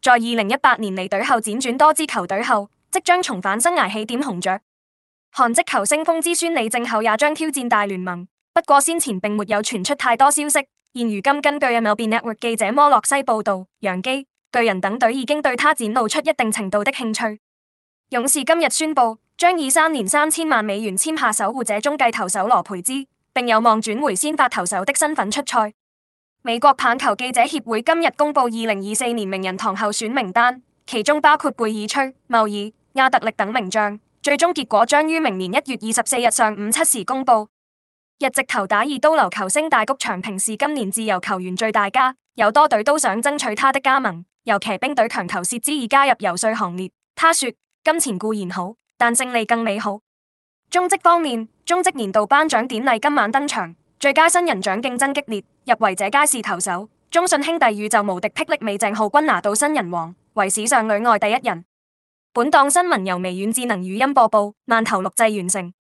在二零一八年離隊後輾轉多支球隊後，即將重返生涯起點紅雀。韓籍球星風之孫李正厚也將挑戰大聯盟，不過先前並沒有傳出太多消息。現如今根據 MLB Network 記者摩洛西報道，洋基、巨人等隊已經對他展露出一定程度的興趣。勇士今日宣布，將以三年三千萬美元簽下守護者中繼投手羅培茲，並有望轉回先發投手的身份出賽。美國棒球記者協會今日公布二零二四年名人堂候選名單，其中包括貝爾崔、茂爾、亞特力等名將。最終結果將於明年一月二十四日上午七時公布。日籍投打二刀流球星大谷翔平是今年自由球員最大咖，有多隊都想爭取他的加盟。遊騎兵隊強投薛茲爾加入遊說行列。他說：金錢固然好，但勝利更美好。中職方面，中職年度頒獎典禮今晚登場。最佳新人獎競爭激烈，入圍者皆是投手。中信兄弟宇宙無敵霹靂美正浩均拿到新人王，為史上旅外第一人。本檔新聞由微軟智能語音播報，慢頭錄製完成。